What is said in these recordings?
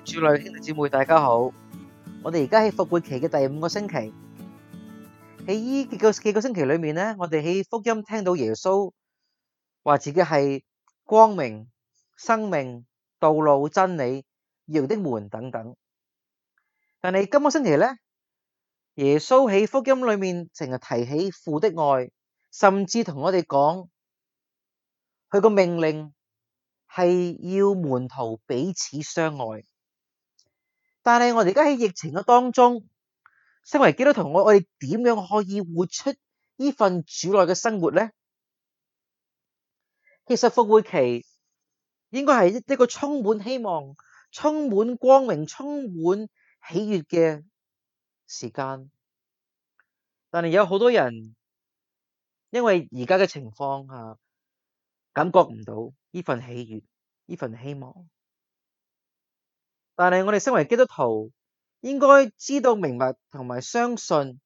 主內兄弟姊妹，大家好！我哋而家喺復活期嘅第五個星期，喺呢個幾個星期裏面呢，我哋喺福音聽到耶穌話自己係光明、生命、道路、真理、羊的門等等。但係今個星期呢，耶穌喺福音裏面成日提起父的愛，甚至同我哋講佢個命令係要門徒彼此相愛。但係我哋而家喺疫情嘅當中，身為基督徒我，我哋點樣可以活出呢份主內嘅生活咧？其實復活期應該係一個充滿希望、充滿光明、充滿喜悅嘅時間，但係有好多人因為而家嘅情況下，感覺唔到呢份喜悅、呢份希望。但係我哋身為基督徒，應該知道明白同埋相信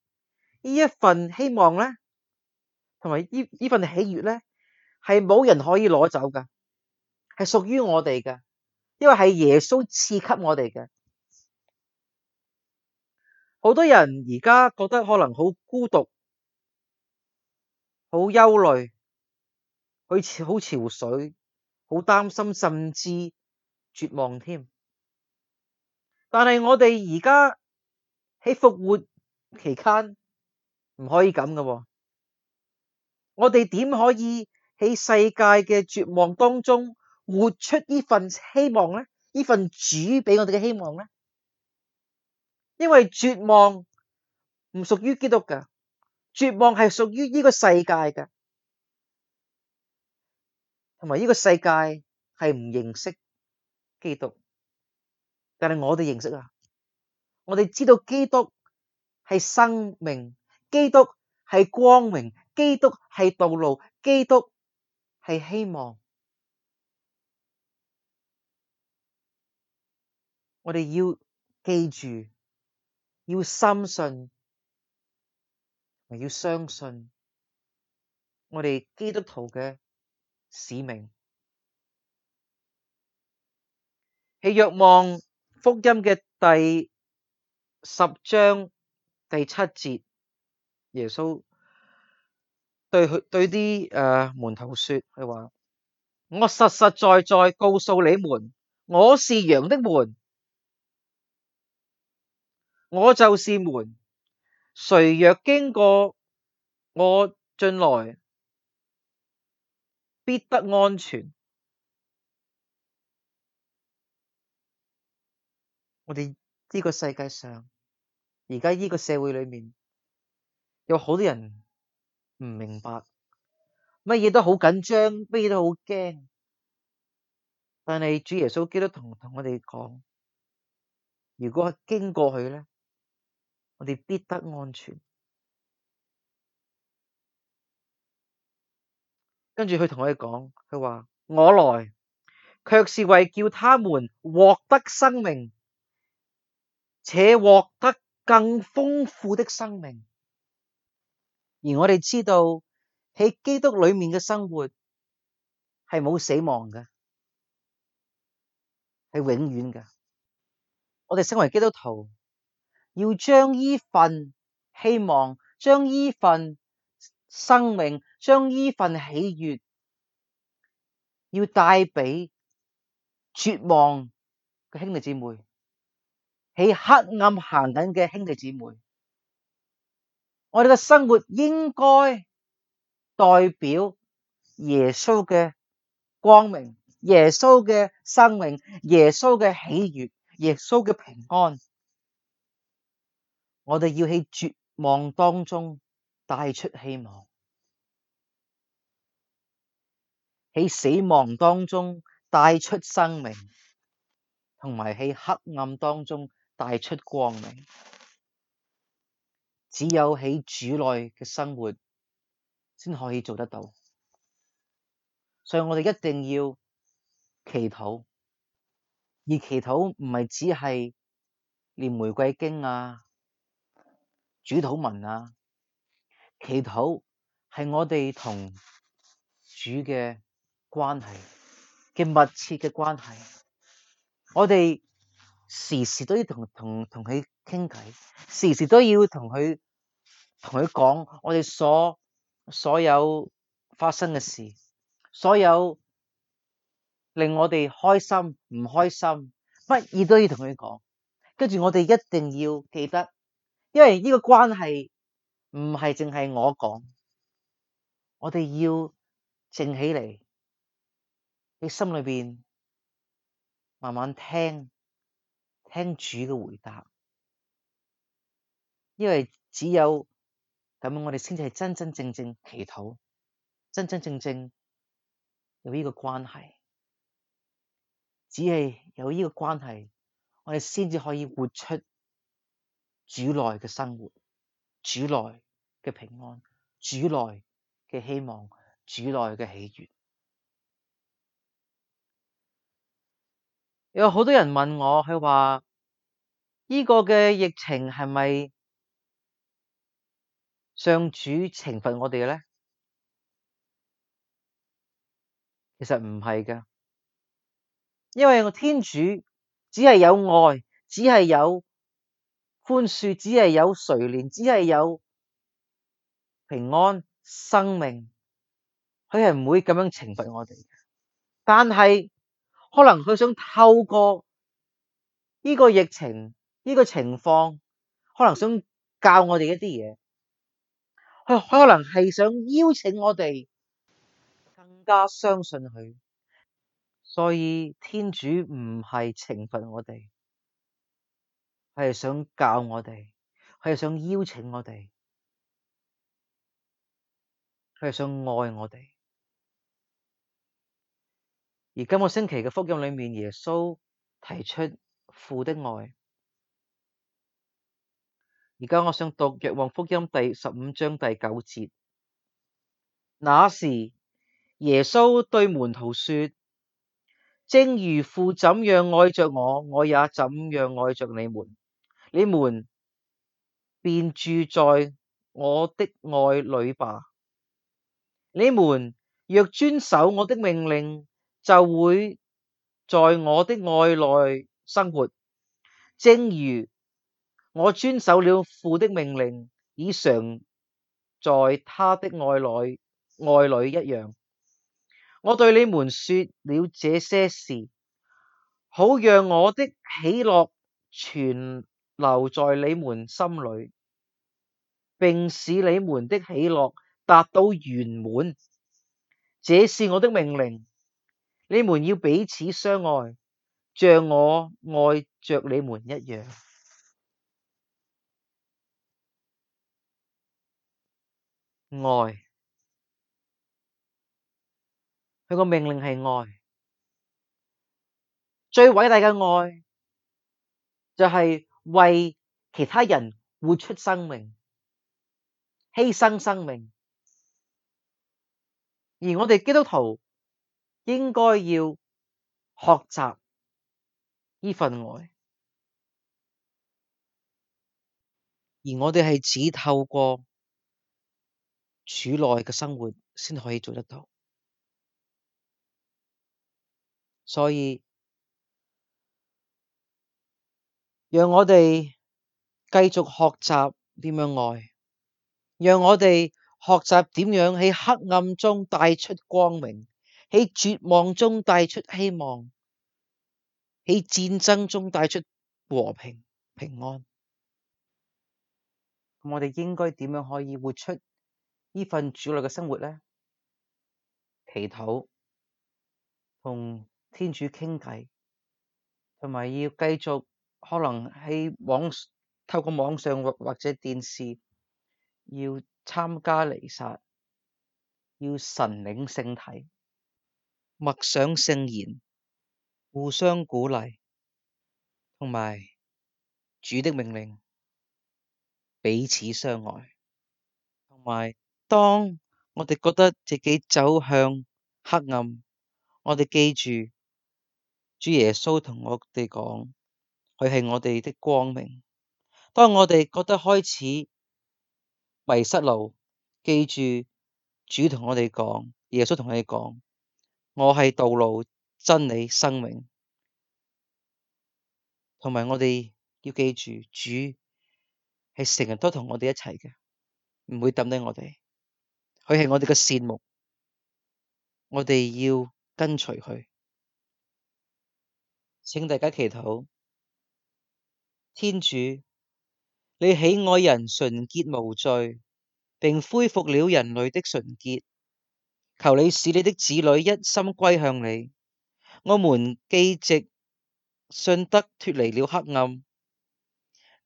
呢一份希望咧，同埋呢呢份喜悦咧，係冇人可以攞走噶，係屬於我哋噶，因為係耶穌賜給我哋嘅。好多人而家覺得可能好孤獨、好憂慮、好似好憔悴、好擔心，甚至絕望添。但係我哋而家喺復活期間唔可以咁噶，哦，我哋點可以喺世界嘅絕望當中活出呢份希望咧？呢份主俾我哋嘅希望咧？因為絕望唔屬於基督噶，絕望係屬於呢個世界噶，同埋呢個世界係唔認識基督。但係我哋認識啊，我哋知道基督係生命，基督係光明，基督係道路，基督係希望。我哋要記住，要深信，要相信我哋基督徒嘅使命係若望福音嘅第十章第七節，耶穌對佢對啲誒、呃、門徒說：佢話，我實實在在告訴你們，我是羊的門，我就是門，誰若經過我進來，必得安全。我哋呢個世界上，而家呢個社會裏面，有好多人唔明白，乜嘢都好緊張，乜嘢都好驚。但係主耶穌基督同同我哋講，如果經過佢咧，我哋必得安全。跟住佢同我哋講，佢話我來，卻是為叫他們獲得生命。且獲得更豐富的生命，而我哋知道喺基督裏面嘅生活係冇死亡嘅，係永遠嘅。我哋身為基督徒，要將呢份希望、將呢份生命、將呢份喜悅，要帶畀絕望嘅兄弟姐妹。喺黑暗行緊嘅兄弟姊妹，我哋嘅生活應該代表耶穌嘅光明、耶穌嘅生命、耶穌嘅喜悅、耶穌嘅平安。我哋要喺絕望當中帶出希望，喺死亡當中帶出生命，同埋喺黑暗當中，帶出光明，只有喺主內嘅生活先可以做得到，所以我哋一定要祈禱。而祈禱唔係只係念玫瑰經啊、主禱文啊，祈禱係我哋同主嘅關係嘅密切嘅關係，我哋。時時都要同同同佢傾偈，時時都要同佢同佢講我哋所所有發生嘅事，所有令我哋開心唔開心，乜嘢都要同佢講。跟住我哋一定要記得，因為呢個關係唔係淨係我講，我哋要靜起嚟，你心裏邊慢慢聽。聽主嘅回答，因為只有咁樣，我哋先至係真真正正祈禱，真真正正有呢個關係。只係有呢個關係，我哋先至可以活出主內嘅生活，主內嘅平安，主內嘅希望，主內嘅喜悅。有好多人問我，佢話呢個嘅疫情係咪上主懲罰我哋嘅咧？其實唔係噶，因為個天主只係有愛，只係有寬恕，只係有垂憐，只係有平安生命。佢係唔會咁樣懲罰我哋嘅，但係，可能佢想透過呢個疫情呢個情況，可能想教我哋一啲嘢，佢可能係想邀請我哋更加相信佢，所以天主唔係懲罰我哋，係想教我哋，係想邀請我哋，佢係想愛我哋。而今個星期嘅福音裏面，耶穌提出父的愛。而家我想讀《若望福音》第十五章第九節。那時，耶穌對門徒說：正如父怎樣愛着我，我也怎樣愛着你們，你們便住在我的愛裏吧。你們若遵守我的命令，就會在我的愛內生活，正如我遵守了父的命令，以常在他的愛內愛女一樣。我對你們說了這些事，好讓我的喜樂存留在你們心裏，並使你們的喜樂達到圓滿。這是我的命令。你們要彼此相愛，像我愛着你們一樣。愛，佢個命令係愛。最偉大嘅愛，就係為其他人活出生命，犧牲生命。而我哋基督徒。應該要學習呢份愛，而我哋係只透過主內嘅生活先可以做得到。所以，讓我哋繼續學習點樣愛，讓我哋學習點樣喺黑暗中帶出光明。喺絕望中帶出希望，喺戰爭中帶出和平平安。咁我哋應該點樣可以活出呢份主內嘅生活呢？祈禱，同天主傾偈，同埋要繼續可能喺網透過網上或者電視，要參加彌撒，要神領聖體。默想聖言，互相鼓勵，同埋主的命令，彼此相愛。同埋，當我哋覺得自己走向黑暗，我哋記住主耶穌同我哋講，佢係我哋的光明。當我哋覺得開始迷失路，記住主同我哋講，耶穌同我哋講。我係道路、真理、生命，同埋我哋要記住，主係成日都同我哋一齊嘅，唔會抌低我哋。佢係我哋嘅善牧，我哋要跟隨佢。請大家祈禱，天主，你喜愛人純潔無罪，並恢復了人類的純潔。求你使你的子女一心歸向你，我們藉著信德脫離了黑暗。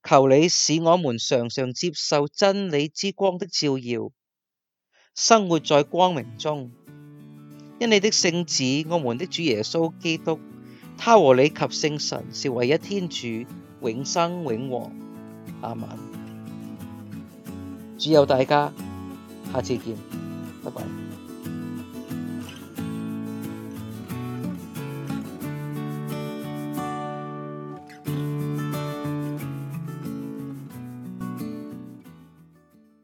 求你使我們常常接受真理之光的照耀，生活在光明中。因你的聖子，我們的主耶穌基督，他和你及聖神是唯一天主，永生永王。阿們，主佑大家，下次見，拜拜。